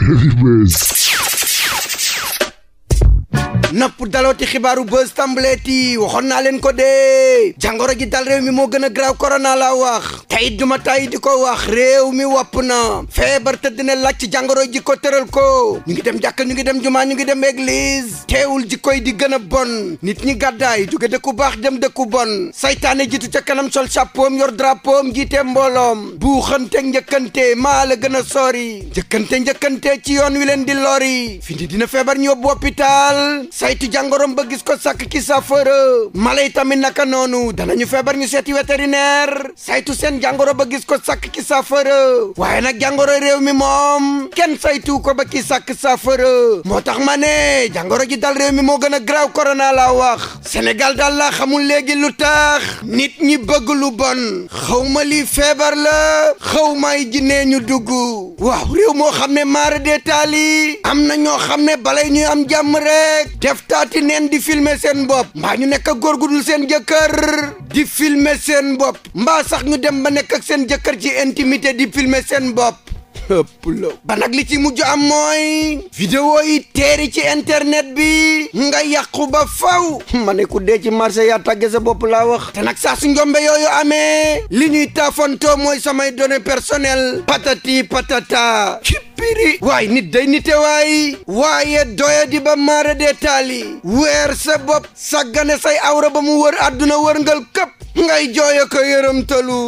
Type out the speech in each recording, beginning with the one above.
Anyways. nopp dalooti xibaaru buzz tàmbaleeti waxoon naa leen ko dee jàngoro ji dal réew mi moo gën a graaw korona la wax tey duma tay di ko wax réew mi wapp na feebar te dina laaj ci jàngoro ji ko tëral ko ñu ngi dem jàkk ñu ngi dem jumaa ñu ngi dem église teewul ji ko koy di gën a bon nit ñi gàddaay jóge dëkku baax dem dëkku bon saytaane jiitu ca kanam sol chapeau yor drapeau jiite mbooloom buuxante njëkkante maa la gën a sori njëkkante njëkkante ci yoon wi leen di lori fi dina feebar ñu saytu jàngoroom ba gis ko sàkk ki saafara mala yi tamit naka noonu dana ñu feebar ñu seeti vétérinaire saytu seen jàngoro ba gis ko sakk ki saafara waaye nag jàngoro réew mi moom kenn saytu ko ba ki sàkk saafara moo tax ma ne jàngoro ji dal réew mi moo gën a graaw corona laa wax Sénégal daal laa xamul léegi lu tax nit ñi bëgg lu bon xaw feebar la xaw may jinne ñu dugg waaw réew moo xam ne maara dee taali am na ñoo xam ne balay ñuy am jàmm rek def taati neen di filmer seen bopp mbaa ñu nekk ak góor gu dul seen jëkkër di filmer seen bopp mbaa sax ñu dem ba nekk ak seen jëkkër ci intimité di filmer seen bopp ëpp ba nag li ci mujj am mooy vidéo yi teeri ci internet bi nga yàqu ba faw ma ne ci marché yaa tàgge sa bopp laa wax te nag saa su njombe yooyu amee li ñuy taafantoo mooy samay données personnelles patati patata piri waaye nit day nite waay waaye doya di ba maara dee taali weer sa bopp sàggane say awra ba mu wër àdduna wërngal këpp ngay jooy ak yërëmtalu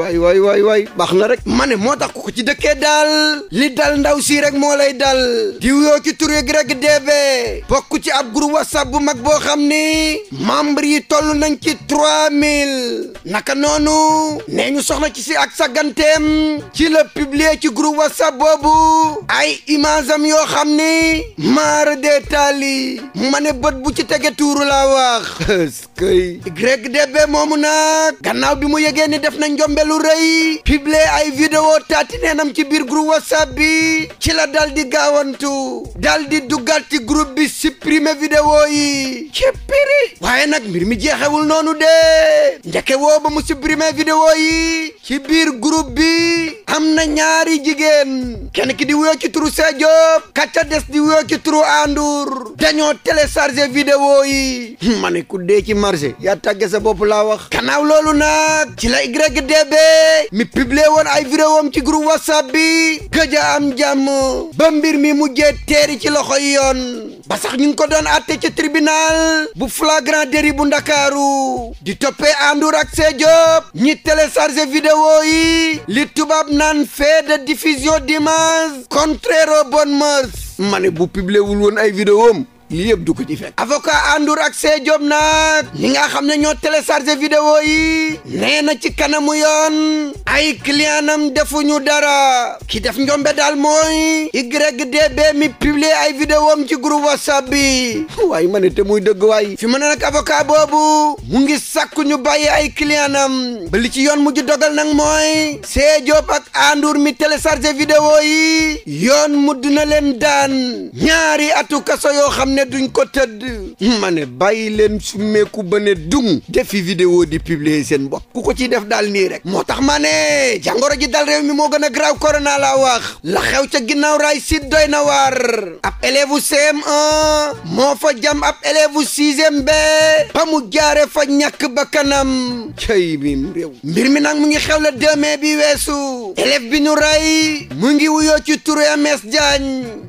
waay waay waay waay baax na rek ma ne moo tax ku ko ci dëkkee daal li dal ndaw si rek moo lay dal diw yoo ci tur yeeg rek deebee bokk ci ab groupe whatsapp bu mag boo xam ni membre yi toll nañ ci 3000 naka noonu nee ñu soxna ci si ak saganteem ci la publier ci groupe whatsapp boobu ay image am yoo xam ni maar dee taali ma ne bët bu ci tege tuuru laa wax eskay grec deebee moomu nag gannaaw bi mu yëgee ni def na njombelu rëy publier ay vidéo taati neenam ci biir groupe whatsapp bi ci la dal di gaawantu dal di duggaat ci groupe bi supprimer vidéo yi ci piri nag mbir mi jeexewul noonu de njëkke woo ba mu supprimer vidéo yi ci biir groupe bi am na ñaari jigéen kenn ki di wuyoo ci turu Sejop kacca des di wuyoo ci turu Andour dañoo télécharger vidéo yi ma ne ku dee ci marché yaa tàgge sa bopp laa gannaaw loolu nag ci la YDB mi publier woon ay vidéom ci groupe whatsapp bi gëja am jàmm ba mbir mi mujjee teeri ci loxoy yoon ba sax ñu ngi ko doon àtte ci tribinal bu flagrant délit bu ndakaaru di toppee Andour ak Sediop ñi téléchargé vidéo yi li tubaab naan fait de diffusion d'images contraire aux bonnes mœurs ma ne bu publier wul woon ay vidéom lii du ko ci fekk avocat Andour ak see Diop ñi nga xam ne ñoo tele vidéo yi nee na ci kanamu yoon ay clientam defuñu dara ki def njombe dal mooy YDB mi publier ay vidéo ci groupe whatsapp bi waaye ma ne te muy dëgg waay fi mu ne nag boobu mu ngi sàkku ñu bàyyi ay clientam ba li ci yoon mujj dogal nag mooy see Diop ak Andour mi téléchargé vidéo yi yoon mujj na leen daan ñaari atu kaso yoo xam ne duñ ko ma bàyyi leen summeeku ba ne dung defi vidéo di publier seen bopp ku ko ciy def daal nii rek moo tax ma ne jàngoro ji dal réew mi moo gën a grave corona laa wax la xew ca ginnaaw raay sit doy na waar ab élève u cm moo fa jam ab élève u sixième B ba mu fa ñàkk ba kanam cay mim réew mbir mi nag mu ngi xew la 2 bi weesu élève bi ray mu ngi wuyoo ci turu MS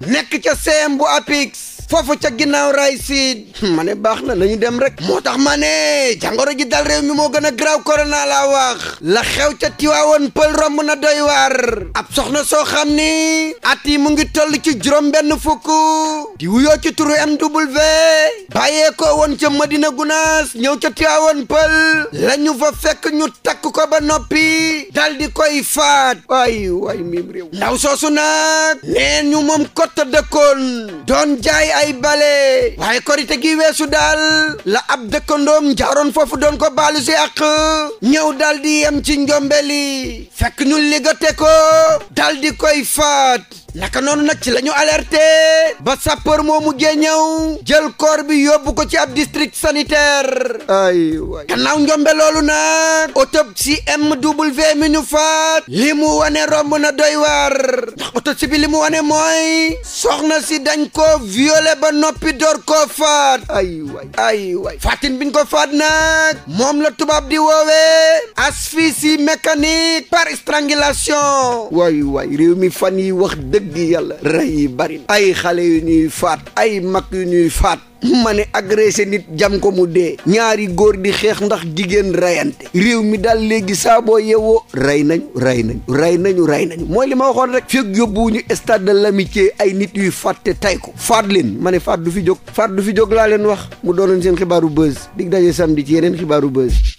nekk ca CM bu APIX foofu ca ginnaaw ray si hmm, ma baax na nañu dem rek moo tax ma ne jàngoro ji dal réew mi moo gën a graaw corona laa wax la xew ca Tiwaawoon pël romb na doy waar ab soxna soo xam ni at yi mu ngi toll ci juróom benn fukk di wuyoo ci turu MW bàyyee ko woon ca Madina Gunaas ñëw ca Tiwaawoon pël la ñu fa fekk ñu takk ko ba noppi dal di koy faat waay waay miim réew ndaw soosu nag nee ñu moom kotta dëkkoon doon jaay ay bale waaye korite gi weesu daal la ab dëkkandoom jaaroon foofu doon ko baalu si àq ñëw daal di yem ci njombeli fekk ñu liggate ko daal di koy faat naka noonu nag ci lañu alerte ba ba sapeur mu jee ñaw jël corps bi yóbbu ko ci ab district sanitaire ay njombe loolu nag autopsie MW mi ñu faat li mu wane romb na doy waar ndax autopsie bi li mu wane mooy soxna si dañ ko violé ba noppi door ko faat ay waay ay faatin biñ ko faat nag moom la tubaab di woowee asphyxie mécanique par strangulation waay waay réew mi fan yi wax dëgg weddi yàlla rey yi bari ay xale yu ñuy faat ay mag yu ñuy faat ma ne agressé nit jam ko mu dee ñaari góor di xeex ndax jigéen rayante réew mi daal léegi saaboo boo rey nañu rey nañu rey nañu rey nañu mooy li ma waxoon rek fekk yóbbuwuñu stade de l'amitié ay nit yuy fàtte tey ko faat leen ma ne faat du fi jóg faat du fi jóg laa leen wax mu doonoon seen xibaaru buzz dig daje samedi ci yeneen xibaaru buzz